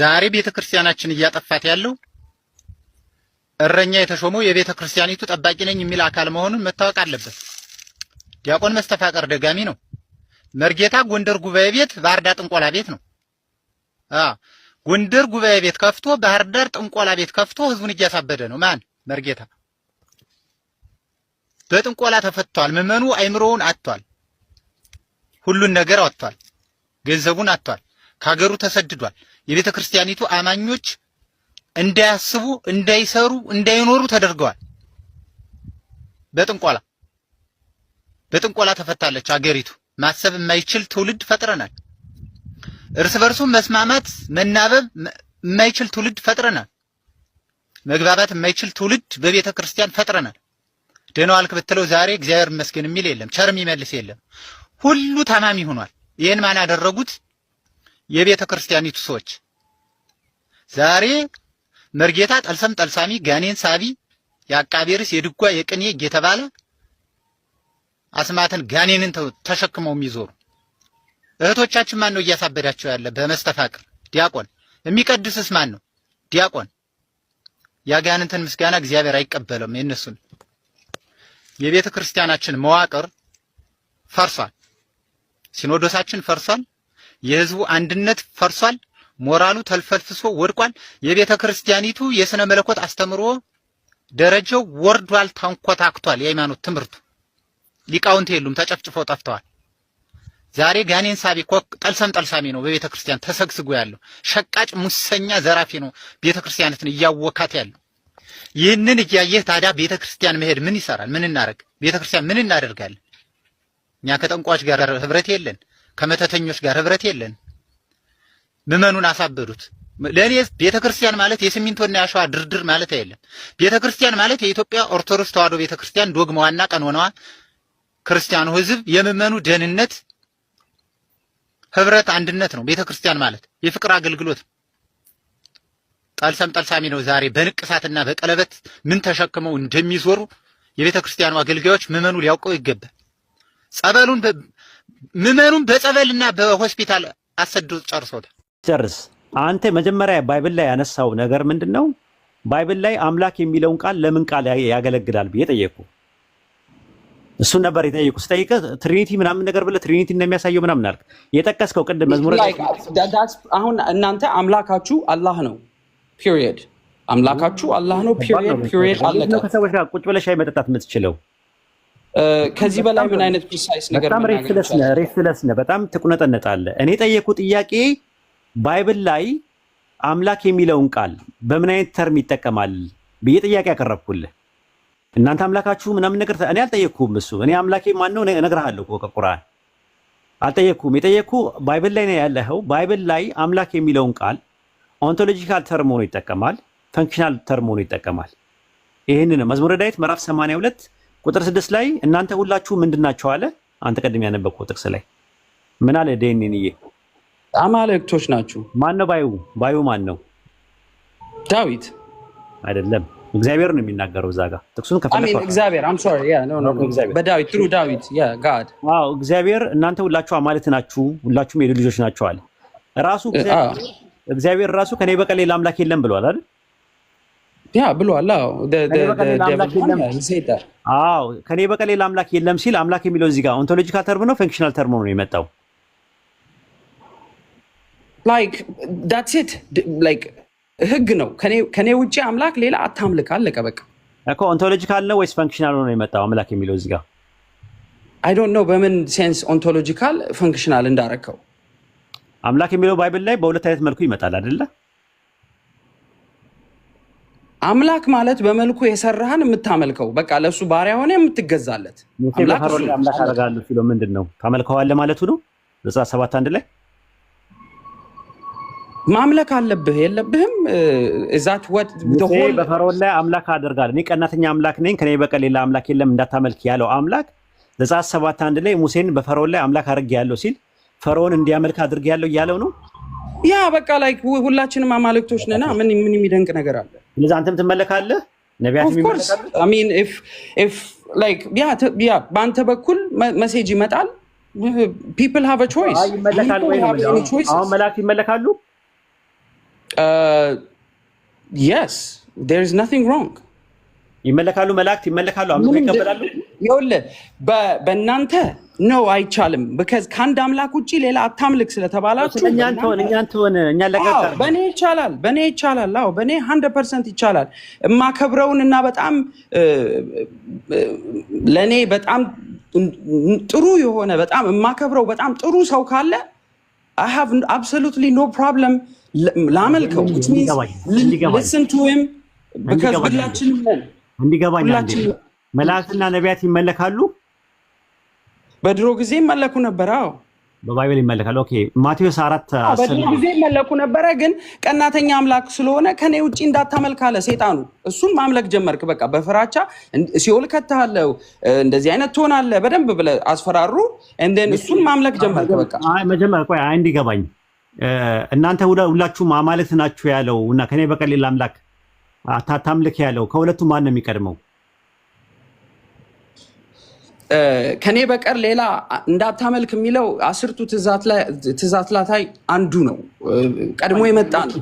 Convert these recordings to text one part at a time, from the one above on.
ዛሬ ቤተ ክርስቲያናችን እያጠፋት ያለው እረኛ የተሾመው የቤተ ክርስቲያኒቱ ጠባቂ ነኝ የሚል አካል መሆኑን መታወቅ አለበት። ዲያቆን መስተፋቀር ደጋሚ ነው። መርጌታ ጎንደር ጉባኤ ቤት፣ ባህር ዳር ጥንቆላ ቤት ነው። ጎንደር ጉባኤ ቤት ከፍቶ ባህር ዳር ጥንቆላ ቤት ከፍቶ ህዝቡን እያሳበደ ነው። ማን መርጌታ በጥንቆላ ተፈቷል። ምዕመኑ አይምሮውን አጥቷል። ሁሉን ነገር አጥቷል። ገንዘቡን አጥቷል። ከሀገሩ ተሰድዷል። የቤተ ክርስቲያኒቱ አማኞች እንዳያስቡ፣ እንዳይሰሩ፣ እንዳይኖሩ ተደርገዋል። በጥንቆላ በጥንቆላ ተፈታለች አገሪቱ። ማሰብ የማይችል ትውልድ ፈጥረናል። እርስ በርሱ መስማማት፣ መናበብ የማይችል ትውልድ ፈጥረናል። መግባባት የማይችል ትውልድ በቤተ ክርስቲያን ፈጥረናል። ደህና ዋልክ ብትለው ዛሬ እግዚአብሔር ይመስገን የሚል የለም፣ ቸር የሚመልስ የለም። ሁሉ ታማሚ ሆኗል። ይህን ማን ያደረጉት? የቤተ ክርስቲያኒቱ ሰዎች ዛሬ መርጌታ ጠልሰም ጠልሳሚ ጋኔን ሳቢ የአቃቤርስ የድጓ የቅኔ እየተባለ አስማትን ጋኔንን ተሸክመው የሚዞሩ እህቶቻችን ማን ነው እያሳበዳቸው ያለ? በመስተፋቅር ዲያቆን የሚቀድስስ ማን ነው? ዲያቆን ያጋንንትን ምስጋና እግዚአብሔር አይቀበለም። የእነሱን የቤተ ክርስቲያናችን መዋቅር ፈርሷል። ሲኖዶሳችን ፈርሷል። የህዝቡ አንድነት ፈርሷል። ሞራሉ ተልፈልፍሶ ወድቋል። የቤተ ክርስቲያኒቱ የሥነ መለኮት አስተምሮ ደረጃው ወርዷል፣ ተንኮታክቷል። የሃይማኖት ትምህርቱ ሊቃውንት የሉም፣ ተጨፍጭፈው ጠፍተዋል። ዛሬ ጋኔን ሳቢ እኮ ጠልሰም ጠልሳሚ ነው በቤተ ክርስቲያን ተሰግስጎ ያለው ሸቃጭ፣ ሙሰኛ፣ ዘራፊ ነው ቤተ ክርስቲያንትን እያወካት ያለው። ይህንን እያየህ ታዲያ ቤተ ክርስቲያን መሄድ ምን ይሰራል? ምን እናደርግ? ቤተ ክርስቲያን ምን እናደርጋለን? እኛ ከጠንቋዎች ጋር ህብረት የለን። ከመተተኞች ጋር ህብረት የለን። ምመኑን አሳበዱት። ለእኔ ቤተ ክርስቲያን ማለት የሲሚንቶና ያሸዋ ድርድር ማለት አይደለም። ቤተ ክርስቲያን ማለት የኢትዮጵያ ኦርቶዶክስ ተዋሕዶ ቤተ ክርስቲያን ዶግማዋና ቀኖናዋ፣ ክርስቲያኑ ህዝብ፣ የምመኑ ደህንነት፣ ህብረት፣ አንድነት ነው። ቤተ ክርስቲያን ማለት የፍቅር አገልግሎት ጠልሰም ጠልሳሚ ነው። ዛሬ በንቅሳትና በቀለበት ምን ተሸክመው እንደሚዞሩ የቤተ ክርስቲያኑ አገልጋዮች ምመኑ ሊያውቀው ይገባል። ጸበሉን ምመኑን በጸበልና በሆስፒታል አሰዶ ጨርሶታል። ጨርስ አንተ መጀመሪያ ባይብል ላይ ያነሳው ነገር ምንድን ነው? ባይብል ላይ አምላክ የሚለውን ቃል ለምን ቃል ያገለግላል ብዬ ጠየቁ። እሱን ነበር የጠየቁ። ስጠይቀ ትሪኒቲ ምናምን ነገር ብለ ትሪኒቲ እንደሚያሳየው ምናምን አልክ። የጠቀስከው ቅድም መዝሙረ አሁን እናንተ አምላካችሁ አላህ ነው ፒሪየድ። አምላካችሁ አላህ ነው ፒሪየድ። አለቀ። ከሰዎች ጋር ቁጭ ብለህ ሻይ መጠጣት የምትችለው ከዚህ በላይ ምን አይነት ፕሪሳይስ ነገር በጣም ሬትለስ ነህ፣ ሬትለስ ነህ፣ በጣም አለ። እኔ የጠየኩ ጥያቄ ባይብል ላይ አምላክ የሚለውን ቃል በምን አይነት ተርም ይጠቀማል ብዬ ጥያቄ ያቀረብኩልህ። እናንተ አምላካችሁ ምናምን ነገር እኔ አልጠየቅኩም። እሱ እኔ አምላኬ ማን ነው እነግርሃለሁ ከቁርአን አልጠየቅኩም። የጠየቅኩ ባይብል ላይ ነው ያለኸው። ባይብል ላይ አምላክ የሚለውን ቃል ኦንቶሎጂካል ተርም ሆኖ ይጠቀማል፣ ፈንክሽናል ተርም ሆኖ ይጠቀማል። ይህንን መዝሙረ ዳዊት ምዕራፍ 82 ቁጥር ስድስት ላይ እናንተ ሁላችሁ ምንድን ናቸው አለ። አንተ ቀድም ያነበብከው ጥቅስ ላይ ምን አለ? ደህንንዬ አማልክቶች ናችሁ። ማን ነው ባዩ? ባዩ ማን ነው? ዳዊት አይደለም፣ እግዚአብሔር ነው የሚናገረው እዛ ጋር ጥቅሱን እግዚአብሔር እናንተ ሁላችሁ አማልክት ናችሁ፣ ሁላችሁም የልጅ ልጆች ናቸው አለ። ራሱ እግዚአብሔር ራሱ ከኔ በቀር ሌላ አምላክ የለም ብሏል አይደል? ያ ብሏል። አዎ ከኔ በቀር ሌላ አምላክ የለም ሲል አምላክ የሚለው እዚህ ጋር ኦንቶሎጂካል ተርም ነው፣ ፈንክሽናል ተርም ነው የመጣው። ላይክ ዳትስ ኢት ላይክ ህግ ነው። ከኔ ውጭ አምላክ ሌላ አታምልክ አለቀ በቃ። እኮ ኦንቶሎጂካል ነው ወይስ ፈንክሽናል ነው የመጣው አምላክ የሚለው እዚህ ጋር? አይ ዶንት ኖ በምን ሴንስ ኦንቶሎጂካል ፈንክሽናል እንዳረከው። አምላክ የሚለው ባይብል ላይ በሁለት አይነት መልኩ ይመጣል አይደለም። አምላክ ማለት በመልኩ የሰራህን የምታመልከው በቃ ለእሱ ባሪያ ሆነ የምትገዛለት አምላክ አደርጋለሁ ምንድን ነው ታመልከዋለ ማለቱ ነው። ዘጸአት ሰባት አንድ ላይ ማምለክ አለብህ የለብህም። እዛት ወት በፈርዖን ላይ አምላክ አደርጋለሁ እኔ ቀናተኛ አምላክ ነኝ ከኔ በቀር ሌላ አምላክ የለም እንዳታመልክ ያለው አምላክ ዘጸአት ሰባት አንድ ላይ ሙሴን በፈርዖን ላይ አምላክ አድርጌያለሁ ሲል ፈርዖን እንዲያመልክ አድርጌያለሁ እያለው ነው። ያ በቃ ላይ ሁላችንም አማልክቶች ነና ምን ምን የሚደንቅ ነገር አለ? ስለዚህ አንተም ትመለካለህ፣ ነቢያት በአንተ በኩል መሴጅ ይመጣል። ፒፕል ሃቭ ቾይስ። መላእክት ይመለካሉ። የስ ኢዝ ሮንግ። ይመለካሉ፣ መላእክት ይመለካሉ። አምልኮ ይቀበላሉ። ይኸውልህ በእናንተ ኖ አይቻልም። ከአንድ አምላክ ውጭ ሌላ አታምልክ ስለተባላችሁ በእኔ ይቻላል፣ በእኔ ይቻላል፣ አዎ በእኔ ሀንድ ፐርሰንት ይቻላል። የማከብረውን እና በጣም ለእኔ በጣም ጥሩ የሆነ በጣም የማከብረው በጣም ጥሩ ሰው ካለ አይ ሃቭ አብሶሉትሊ ኖ ፕሮብለም ላመልከው ልስን ቱ ሂም ብከዝ ሁላችንም ነን። እንዲገባኝ መላእክትና ነቢያት ይመለካሉ በድሮ ጊዜ ይመለኩ ነበር። አዎ በባይብል ይመለካል። ኦኬ ማቴዎስ አራት በድሮ ጊዜ ይመለኩ ነበረ፣ ግን ቀናተኛ አምላክ ስለሆነ ከኔ ውጭ እንዳታመልካለ ሴጣኑ እሱን ማምለክ ጀመርክ። በቃ በፍራቻ ሲኦል ከትሃለው፣ እንደዚህ አይነት ትሆናለህ በደንብ ብለ አስፈራሩ። እንደን እሱን ማምለክ ጀመርክ። በቃ መጀመር ቆይ እንዲገባኝ እናንተ ሁላችሁም አማልክት ናችሁ ያለው እና ከኔ በቀር ሌላ አምላክ አታምልክ ያለው ከሁለቱ ማን ነው የሚቀድመው? ከኔ በቀር ሌላ እንዳታመልክ የሚለው አስርቱ ትእዛት ላታይ አንዱ ነው። ቀድሞ የመጣ ነው።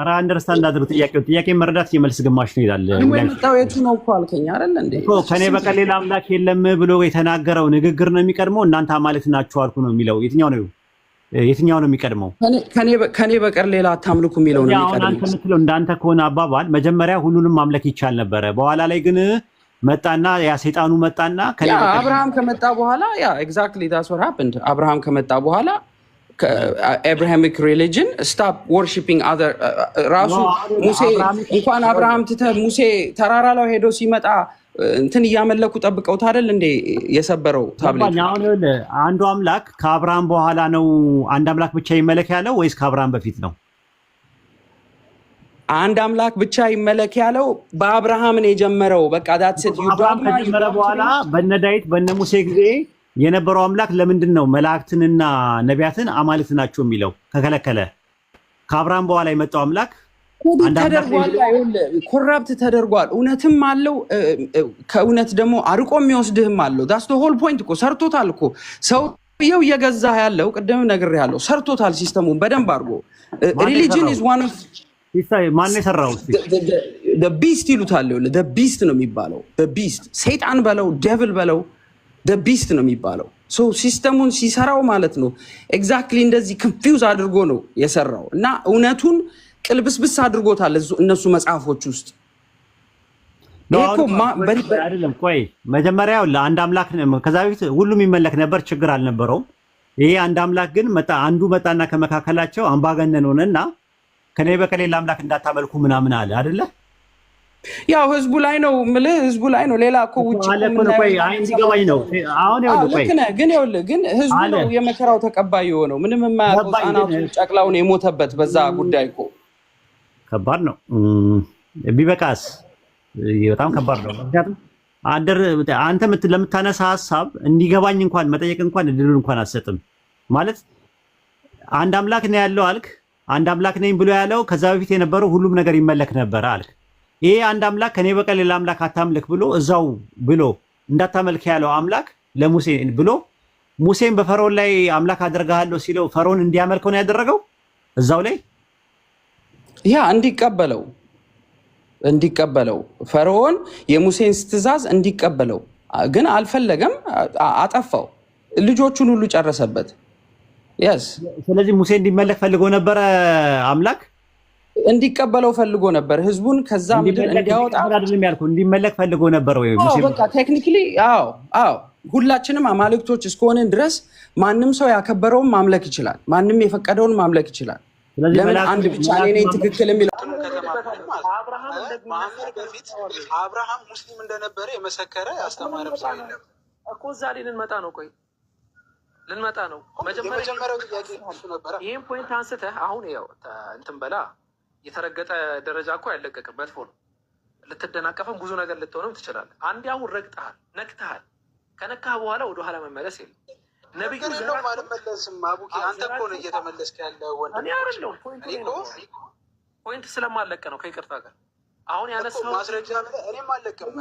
ኧረ አንደርስታንድ አድርጉ። ጥያቄው ጥያቄ መረዳት የመልስ ግማሽ ነው ይላል። የመጣው የቱ ነው እኮ አልከኝ አይደለ እንዴ? ከኔ በቀር ሌላ አምላክ የለም ብሎ የተናገረው ንግግር ነው የሚቀድመው። እናንተ አማልክት ናችሁ አልኩ ነው የሚለው። የትኛው ነው የትኛው ነው የሚቀድመው? ከኔ በቀር ሌላ አታምልኩ የሚለው ነው የሚቀድመው። እናንተ ምትለው እንዳንተ ከሆነ አባባል መጀመሪያ ሁሉንም ማምለክ ይቻል ነበረ። በኋላ ላይ ግን መጣና ያ ሰይጣኑ መጣና አብርሃም ከመጣ በኋላ ያ ኤግዛክትሊ ዳስ ወር ሃፕንድ አብርሃም ከመጣ በኋላ አብርሃሚክ ሪሊጅን ስታፕ ወርሺፒንግ አዘር ራሱ ሙሴ እንኳን አብርሃም ትተህ ሙሴ ተራራ ላይ ሄዶ ሲመጣ እንትን እያመለኩ ጠብቀውት አይደል እንዴ የሰበረው ታብሌት። አሁን አንዱ አምላክ ከአብርሃም በኋላ ነው አንድ አምላክ ብቻ ይመለክ ያለው ወይስ ከአብርሃም በፊት ነው? አንድ አምላክ ብቻ ይመለክ ያለው በአብርሃምን የጀመረው በቃ አብርሃም ከጀመረ በኋላ በነ ዳዊት በነ ሙሴ ጊዜ የነበረው አምላክ ለምንድን ነው መላእክትንና ነቢያትን አማልክት ናቸው የሚለው ከከለከለ? ከአብርሃም በኋላ የመጣው አምላክ ተደርጓል። ኮራፕት ተደርጓል። እውነትም አለው ከእውነት ደግሞ አርቆ የሚወስድህም አለው። ዳስ ሆል ፖይንት እኮ ሰርቶታል እኮ ሰው ይኸው እየገዛ ያለው ቅድም ነግሬሃለሁ። ሰርቶታል ሲስተሙን በደንብ አድርጎ ሪሊጅን ማን የሰራው ቢስት ይሉታል። ቢስት ነው የሚባለው። ቢስት ሰይጣን በለው ደብል በለው ቢስት ነው የሚባለው። ሲስተሙን ሲሰራው ማለት ነው ኤግዛክትሊ እንደዚህ ኮንፊውዝ አድርጎ ነው የሰራው እና እውነቱን ቅልብስብስ አድርጎታል እነሱ መጽሐፎች ውስጥ አይደለም። ቆይ መጀመሪያ ለአንድ አምላክ ከዛ በፊት ሁሉ የሚመለክ ነበር፣ ችግር አልነበረውም። ይሄ አንድ አምላክ ግን አንዱ መጣና ከመካከላቸው አምባገነን ሆነና ከኔ በከሌላ አምላክ እንዳታመልኩ ምናምን አለ አደለ? ያው ህዝቡ ላይ ነው የምልህ፣ ህዝቡ ላይ ነው። ሌላ እኮ ውጭ እንዲገባኝ ነው። አሁን ልክ ነህ፣ ግን ይኸውልህ፣ ግን ህዝቡ ነው የመከራው ተቀባይ የሆነው። ምንም የማያውቀው ህጻናቱ፣ ጨቅላው የሞተበት። በዛ ጉዳይ እኮ ከባድ ነው። ቢበቃስ በጣም ከባድ ነው። ምክንያቱም አንተ ለምታነሳ ሀሳብ እንዲገባኝ እንኳን መጠየቅ እንኳን እድሉን እንኳን አትሰጥም። ማለት አንድ አምላክ ነው ያለው አልክ አንድ አምላክ ነኝ ብሎ ያለው ከዛ በፊት የነበረው ሁሉም ነገር ይመለክ ነበር አልክ። ይሄ አንድ አምላክ ከኔ በቀር ሌላ አምላክ አታምልክ ብሎ እዛው ብሎ እንዳታመልክ ያለው አምላክ ለሙሴ ብሎ ሙሴን በፈርዖን ላይ አምላክ አደርግሃለሁ ሲለው ፈርዖን እንዲያመልከው ነው ያደረገው። እዛው ላይ ያ እንዲቀበለው እንዲቀበለው ፈርዖን የሙሴን ትእዛዝ እንዲቀበለው ግን አልፈለገም፣ አጠፋው። ልጆቹን ሁሉ ጨረሰበት። ስለዚህ ሙሴ እንዲመለክ ፈልጎ ነበረ አምላክ እንዲቀበለው ፈልጎ ነበር ህዝቡን ከዛ ምድር እንዲያወጣ አይደለም እንዲመለክ ፈልጎ ነበር ወይ በቃ ቴክኒካሊ አዎ አዎ ሁላችንም አማልክቶች እስከሆንን ድረስ ማንም ሰው ያከበረውን ማምለክ ይችላል ማንም የፈቀደውን ማምለክ ይችላል ለምን አንድ ብቻ እኔ ትክክል የሚለው አብርሃም ሙስሊም እንደነበረ የመሰከረ ያስተማረ እኮ እዛ ላይ እንመጣ ነው ቆይ ልንመጣ ነው። ይህም ፖይንት አንስተህ አሁን ያው እንትን በላ የተረገጠ ደረጃ እኮ አይለቀቅም። መጥፎ ነው። ልትደናቀፈም ብዙ ነገር ልትሆንም ትችላለህ። አንድ አሁን ረግጠሃል፣ ነክተሃል። ከነካህ በኋላ ወደ ኋላ መመለስ የለም። ነብዩ አልመለስም። አቡኪ አንተ እኮ ነው እየተመለስክ ያለ ወንድ ፖይንት ስለማለቀ ነው ከይቅርታ ጋር አሁን ያነሳው ማስረጃ ብለህ እኔም አለቅም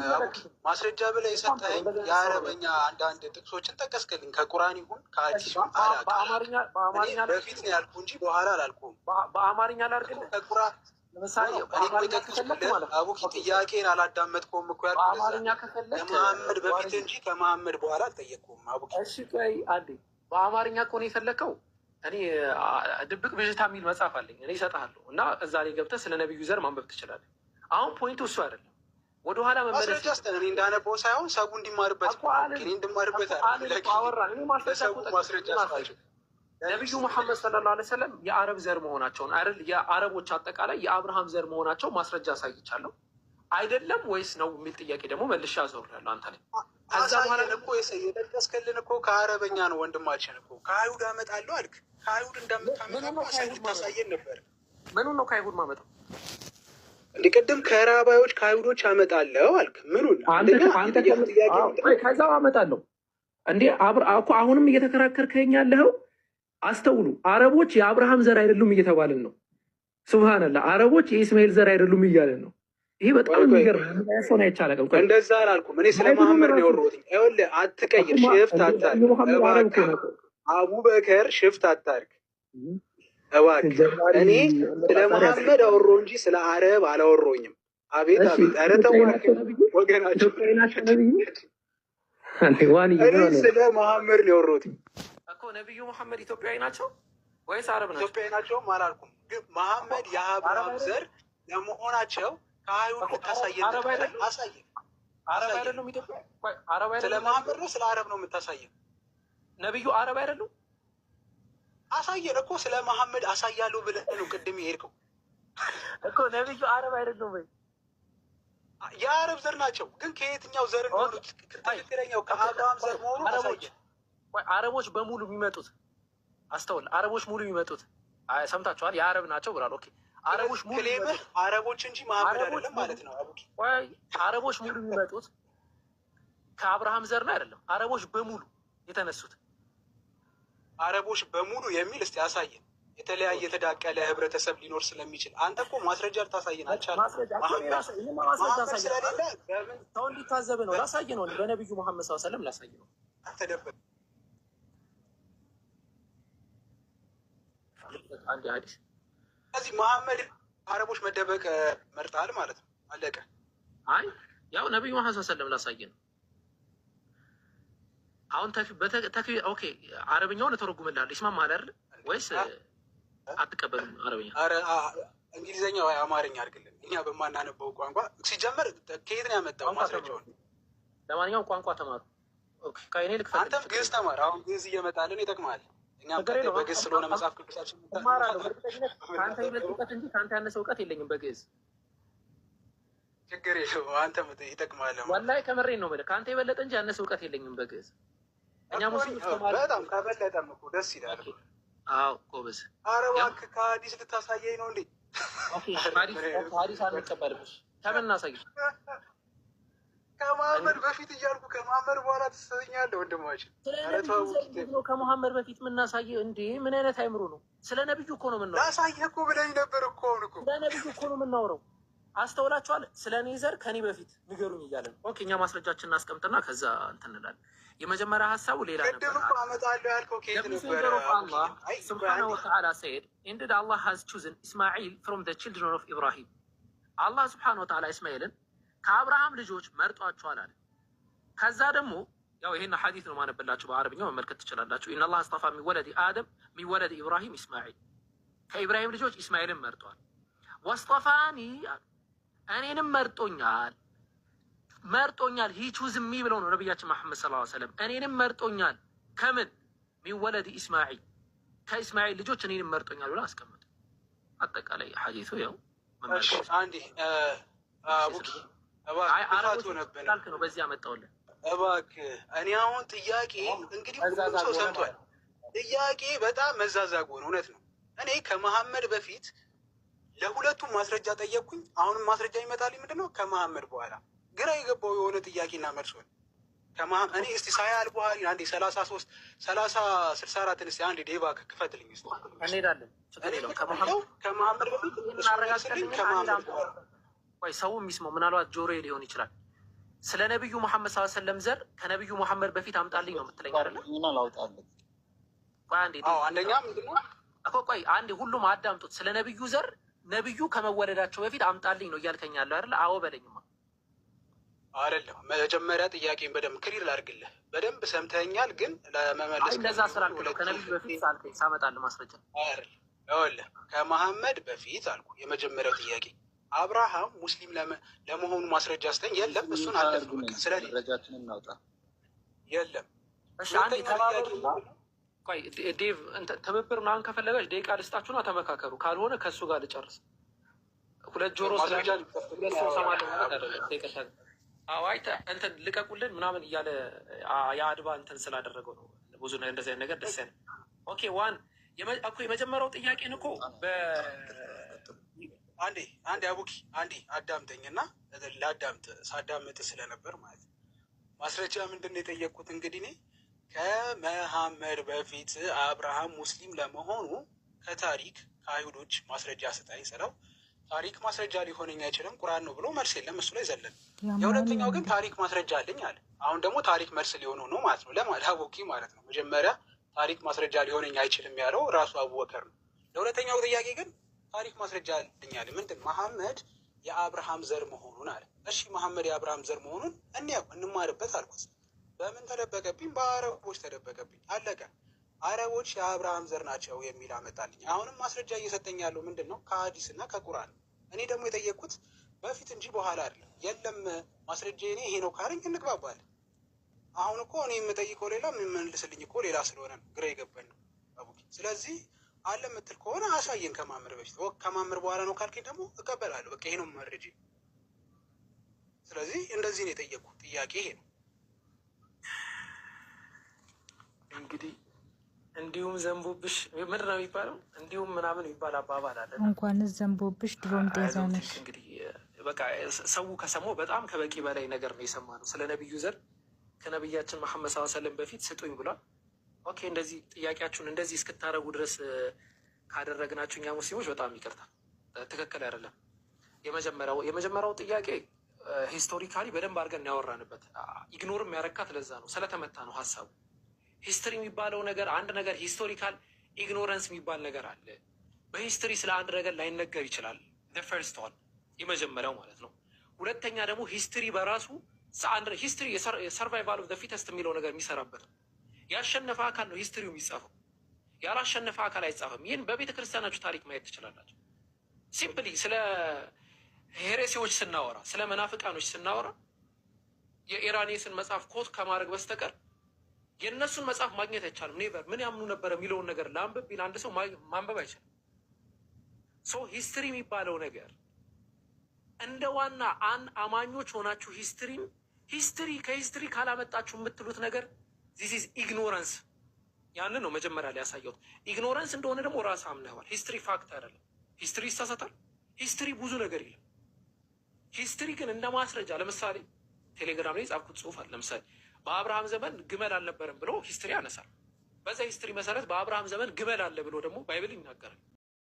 ማስረጃ ብለህ የሰጠኝ የአረበኛ አንዳንድ ጥቅሶችን ጠቀስክልኝ። ከቁራን ይሁን ከአዲስ አላውቅም። በፊት ነው ያልኩ እንጂ በኋላ አላልኩም። በአማርኛ ላድርግልህ። ከቁርአን አቡኪ ጥያቄን አላዳመጥኩም እኮ ያልኩህ ከመሀመድ በፊት እንጂ ከመሀመድ በኋላ አልጠየቅኩም። አቡኪ በአማርኛ እኮ ነው የፈለከው። እኔ ድብቅ ብዥታ የሚል መጽሐፍ አለኝ እኔ እሰጥሃለሁ እና እዛ ላይ ገብተህ ስለ ነቢዩ ዘር ማንበብ ትችላለህ። አሁን ፖይንቱ እሱ አይደለም። ወደኋላ መመለስ እኔ እንዳነበው ሳይሆን ሰቡ እንዲማርበት እንዲማርበት ነቢዩ መሐመድ ሰለላሁ ዓለይሂ ወሰለም የአረብ ዘር መሆናቸውን አይደል የአረቦች አጠቃላይ የአብርሃም ዘር መሆናቸው ማስረጃ አሳይቻለሁ። አይደለም ወይስ ነው የሚል ጥያቄ ደግሞ መልሻ ዞር አንተ ላይ ከዛ በኋላ እኮ የጠቀስክልን እኮ ከአረበኛ ነው ወንድማችን እኮ ከአይሁድ አመጣለሁ አልክ። ከአይሁድ እንደምታመጣ ታሳየን ነበር። ምኑ ነው ከአይሁድ ማመጣው? እንዲቀደም ከራባዮች ከአይሁዶች አመጣለሁ አልክ። ምኑን ከዛው አመጣለሁ እንዴ? እኮ አሁንም እየተከራከርከኝ ያለኸው አስተውሉ። አረቦች የአብርሃም ዘር አይደሉም እየተባልን ነው። ስብሃንላ አረቦች የእስማኤል ዘር አይደሉም እያለን ነው። ይሄ በጣም የሚገርም ሆነ። አይቻለቅም። እንደዛ አላልኩም እኔ ስለ መሐመድ ነው የወረሁት። ወለ አትቀይር፣ ሽፍት አታርግ። አቡበከር ሽፍት አታርግ እባክህ እኔ ስለ መሐመድ አወሮ እንጂ ስለ አረብ አላወሮኝም። አቤት አቤት! ኧረ ተው ወገናቸው፣ እኔ ስለ መሐመድ ነው ያወሮት እኮ። ነቢዩ መሐመድ ኢትዮጵያዊ ናቸው ወይስ አረብ ናቸው? ኢትዮጵያዊ ናቸውም አላልኩም፣ ግን መሐመድ የአብርሃም ዘር ለመሆናቸው ከአይሁድ ስለ መሐመድ ነው ስለ አረብ ነው ነቢዩ አረብ አይደሉም አሳየን እኮ ስለ መሐመድ አሳያለሁ ብለህ ነው ቅድም የሄድከው እኮ ነቢዩ አረብ አይደለም ወይ? የአረብ ዘር ናቸው፣ ግን ከየትኛው ዘር ሆኑት? ትክክለኛው ከአብርሃም ዘር መሆኑ አረቦች በሙሉ የሚመጡት አስተውል። አረቦች ሙሉ የሚመጡት ሰምታችኋል። የአረብ ናቸው ብሏል። ኦኬ አረቦች ሙሉ አረቦች እንጂ መሐመድ አይደለም ማለት ነው። አረቦች ሙሉ የሚመጡት ከአብርሃም ዘር ነው አይደለም? አረቦች በሙሉ የተነሱት አረቦች በሙሉ የሚል እስቲ አሳየን። የተለያየ የተዳቀለ ህብረተሰብ ሊኖር ስለሚችል አንተ እኮ ማስረጃ ልታሳየን አልቻልም። እንዲታዘብ ነው። ላሳየ ነው በነቢዩ መሐመድ ሰለላሁ ዐለይሂ ወሰለም ላሳየ ነው። አልተደበቅ ስለዚህ መሐመድ አረቦች መደበቅ መርጣል ማለት ነው። አለቀ። አይ ያው ነቢዩ መሐመድ ሰለላሁ ዐለይሂ ወሰለም ላሳየ ነው። አሁን ተክቢ ኦኬ፣ አረብኛውን እተረጉምልሃለሁ ይስማማል አይደል? ወይስ አትቀበሉም? አረብኛ እንግሊዝኛው አማርኛ አድርግልን፣ እኛ በማናነበው ቋንቋ። ሲጀመር ከየት ነው ያመጣው ማስረጃውን? ለማንኛውም ቋንቋ ተማሩ። ከእኔ ልክ አንተም ግዕዝ ተማር። አሁን ግዕዝ እየመጣልን ይጠቅማል። እኛም በግዕዝ ስለሆነ መጽሐፍ ቅዱሳችን ከአንተ ይበልጥ እውቀት እንጂ ከአንተ ያነሰ እውቀት የለኝም በግዕዝ ችግር የለውም። አንተም ይጠቅማል። ወላሂ ከመሬን ነው የምልህ። ከአንተ የበለጠ እንጂ ያነሰ እውቀት የለኝም በግዕዝ እኛ ሙስሊም በጣም ከበለጠም እኮ ደስ ይላል። አዎ ጎበዝ። ኧረ እባክህ ከሀዲስ ልታሳየኝ ነው እንዴ? ሀዲስ አንቀበልም። ከምን እናሳየው? ከመሀመድ በፊት እያልኩ ከመሀመድ በኋላ ትሰኛለህ ወንድማችን። ከመሀመድ በፊት የምናሳየው እንዴ? ምን አይነት አይምሮ ነው? ስለ ነብዩ እኮ ነው የምናወራው። ላሳየህ እኮ ብለኝ ነበር እኮ አሁን እኮ ስለ ነብዩ እኮ ነው የምናወራው። አስተውላችኋል? ስለ እኔ ዘር ከኔ በፊት ንገሩኝ እያለ ኦኬ እኛ ማስረጃችን እናስቀምጥና ከዛ እንትን እንላለን። የመጀመሪያ ሀሳቡ ሌላ ነበር። ስብሓነ ወተዓላ ሰይድ ኢብራሂም አላህ ስብሓነ ወተዓላ ኢስማኤልን ከአብርሃም ልጆች መርጧቸዋል አለ። ከዛ ደግሞ ያው ይሄን ሐዲስ ነው ማነበላችሁ፣ በአረብኛው መመልከት ትችላላችሁ። ኢና አስጠፋ ሚወለድ አደም ሚወለድ ኢብራሂም ኢስማዒል፣ ከኢብራሂም ልጆች ኢስማኤልን መርጧል። ወስጠፋኒ እኔንም መርጦኛል መርጦኛል። ሂቹዝ ቹዝ ሚ ብለው ነው ነቢያችን መሐመድ ሰለላሁ ዐለይሂ ወሰለም እኔንም መርጦኛል። ከምን ሚወለድ ኢስማዒል ከኢስማኤል ልጆች እኔንም መርጦኛል ብሎ አስቀምጡ። አጠቃላይ ሐዲሱ ያው ነው። በዚህ አመጣውለን። እባክህ እኔ አሁን ጥያቄ እንግዲህ ሁሉም ሰው ሰምቷል። ጥያቄ በጣም መዛዛጎን እውነት ነው። እኔ ከመሐመድ በፊት ለሁለቱም ማስረጃ ጠየቅኩኝ። አሁንም ማስረጃ ይመጣልኝ ምንድን ነው ከመሐመድ በኋላ ግራ የገባው የሆነ ጥያቄና መልሶን እኔ እስቲ ሳያል ቡሃሪ አንዴ ሰላሳ ሶስት ሰላሳ ስልሳ አራት ስ አንድ ዴባ ክፈትልኝ ስ እንሄዳለን። ከመሀመድ በፊት ስልኝ ሰው የሚስመው ምናልባት ጆሮ ሊሆን ይችላል። ስለ ነቢዩ መሐመድ ሰ ሰለም ዘር ከነቢዩ መሐመድ በፊት አምጣልኝ ነው የምትለኝ አይደለም? አንደኛ ምንድነው ቆይ አንዴ ሁሉም አዳምጡት። ስለ ነቢዩ ዘር ነቢዩ ከመወለዳቸው በፊት አምጣልኝ ነው እያልከኛለሁ አይደለ? አዎ በለኝማ አይደለም መጀመሪያ ጥያቄን በደንብ ክሊር ላድርግልህ። በደንብ ሰምተኛል፣ ግን ለመመለስ ከዛ ስራ ነው። ከነቢዩ በፊት ሳልከኝ ሳመጣልህ ማስረጃ አይደለም። ይኸውልህ፣ ከመሐመድ በፊት አልኩ። የመጀመሪያው ጥያቄ አብርሃም ሙስሊም ለመሆኑ ማስረጃ ስተኝ፣ የለም እሱን አለፍ ነው በቃ። ስለዚህ ደረጃችንን እናውጣ። የለም ዴቭ ትብብር ምናምን ከፈለጋች ደቂቃ ልስጣችሁ ነው፣ ተመካከሩ። ካልሆነ ከእሱ ጋር ልጨርስ። ሁለት ጆሮ ስለጃ ሰማለ አዋይ እንትን ልቀቁልን ምናምን እያለ የአድባ እንትን ስላደረገው ነው ብዙ እንደዚህ ነገር ደስ ያለ። ኦኬ ዋን እኮ የመጀመሪያው ጥያቄን እኮ አንዴ አንዴ አቡኪ አንዴ አዳምጠኝ እና ለአዳምጥ ሳዳምጥ ስለነበር ማለት ነው። ማስረጃ ምንድን ነው የጠየቅኩት? እንግዲህ እኔ ከመሐመድ በፊት አብርሃም ሙስሊም ለመሆኑ ከታሪክ ከአይሁዶች ማስረጃ ስጣኝ ስለው ታሪክ ማስረጃ ሊሆነኝ አይችልም፣ ቁርአን ነው ብሎ መልስ የለም። እሱ ላይ ዘለን። የሁለተኛው ግን ታሪክ ማስረጃ አለኝ አለ። አሁን ደግሞ ታሪክ መልስ ሊሆኑ ነው ማለት ነው፣ ለአቡኪ ማለት ነው። መጀመሪያ ታሪክ ማስረጃ ሊሆነኝ አይችልም ያለው ራሱ አቡበከር ነው። ለሁለተኛው ጥያቄ ግን ታሪክ ማስረጃ አለኝ አለ። ምንድን መሐመድ የአብርሃም ዘር መሆኑን አለ። እሺ መሐመድ የአብርሃም ዘር መሆኑን እንያው እንማርበት አልኩት። በምን ተደበቀብኝ? በአረቦች ተደበቀብኝ። አለቀ። አረቦች የአብርሃም ዘር ናቸው የሚል አመጣልኝ። አሁንም ማስረጃ እየሰጠኝ ያለው ምንድን ነው? ከሀዲስ እና ከቁርአን። እኔ ደግሞ የጠየቅኩት በፊት እንጂ በኋላ አይደለም። የለም ማስረጃ እኔ ይሄ ነው ካለኝ እንግባባለን። አሁን እኮ እኔ የምጠይቀው ሌላ የምመልስልኝ እኮ ሌላ ስለሆነ ግራ የገባኝ ነው። ስለዚህ አለ የምትል ከሆነ አሳየን ከማምር በፊት ከማምር በኋላ ነው ካልከኝ ደግሞ እቀበላለሁ። በቃ ይሄ ነው መረጃ። ስለዚህ እንደዚህ ነው የጠየቅኩት ጥያቄ ይሄ ነው እንግዲህ እንዲሁም ዘንቦብሽ ምንድን ነው የሚባለው? እንዲሁም ምናምን የሚባል አባባል አለ። እንኳን ዘንቦብሽ ድሮም ጤዛ ነሽ። እንግዲህ በቃ ሰው ከሰሞ በጣም ከበቂ በላይ ነገር ነው የሰማ ነው። ስለ ነቢዩ ዘር ከነቢያችን መሐመድ ሰለላሁ ዐለይሂ ወሰለም በፊት ስጡኝ ብሏል። ኦኬ እንደዚህ ጥያቄያችሁን እንደዚህ እስክታደረጉ ድረስ ካደረግናችሁ እኛ ሙስሊሞች በጣም ይቅርታል። ትክክል አይደለም። የመጀመሪያው የመጀመሪያው ጥያቄ ሂስቶሪካሊ በደንብ አድርገን ያወራንበት ኢግኖርም ያረካት ለዛ ነው ስለተመታ ነው ሀሳቡ ሂስትሪ የሚባለው ነገር አንድ ነገር ሂስቶሪካል ኢግኖረንስ የሚባል ነገር አለ። በሂስትሪ ስለ አንድ ነገር ላይነገር ይችላል። ፈርስት ዋን የመጀመሪያው ማለት ነው። ሁለተኛ ደግሞ ሂስትሪ በራሱ ሂስትሪ ሰርቫይቫል ኦፍ ፊተስት የሚለው ነገር የሚሰራበት ነው። ያሸነፈ አካል ነው ሂስትሪው የሚጻፈው፣ ያላሸነፈ አካል አይጻፍም። ይህን በቤተ ክርስቲያናችሁ ታሪክ ማየት ትችላላችሁ። ሲምፕሊ ስለ ሄሬሲዎች ስናወራ፣ ስለ መናፍቃኖች ስናወራ የኢራኔስን መጽሐፍ ኮት ከማድረግ በስተቀር የእነሱን መጽሐፍ ማግኘት አይቻልም። ኔቨር ምን ያምኑ ነበር የሚለውን ነገር ለአንብብ ቢል አንድ ሰው ማንበብ አይችልም። ሶ ሂስትሪ የሚባለው ነገር እንደ ዋና አን አማኞች ሆናችሁ ሂስትሪን ሂስትሪ ከሂስትሪ ካላመጣችሁ የምትሉት ነገር ዚስ ኢዝ ኢግኖረንስ። ያንን ነው መጀመሪያ ላይ ያሳየሁት። ኢግኖረንስ እንደሆነ ደግሞ ራስ አምነዋል። ሂስትሪ ፋክት አይደለም። ሂስትሪ ይሳሳታል። ሂስትሪ ብዙ ነገር የለም። ሂስትሪ ግን እንደ ማስረጃ ለምሳሌ ቴሌግራም ላይ የጻፍኩት ጽሁፍ አለ። ለምሳሌ በአብርሃም ዘመን ግመል አልነበረም ብሎ ሂስትሪ ያነሳል። በዛ ሂስትሪ መሰረት በአብርሃም ዘመን ግመል አለ ብሎ ደግሞ ባይብል ይናገራል።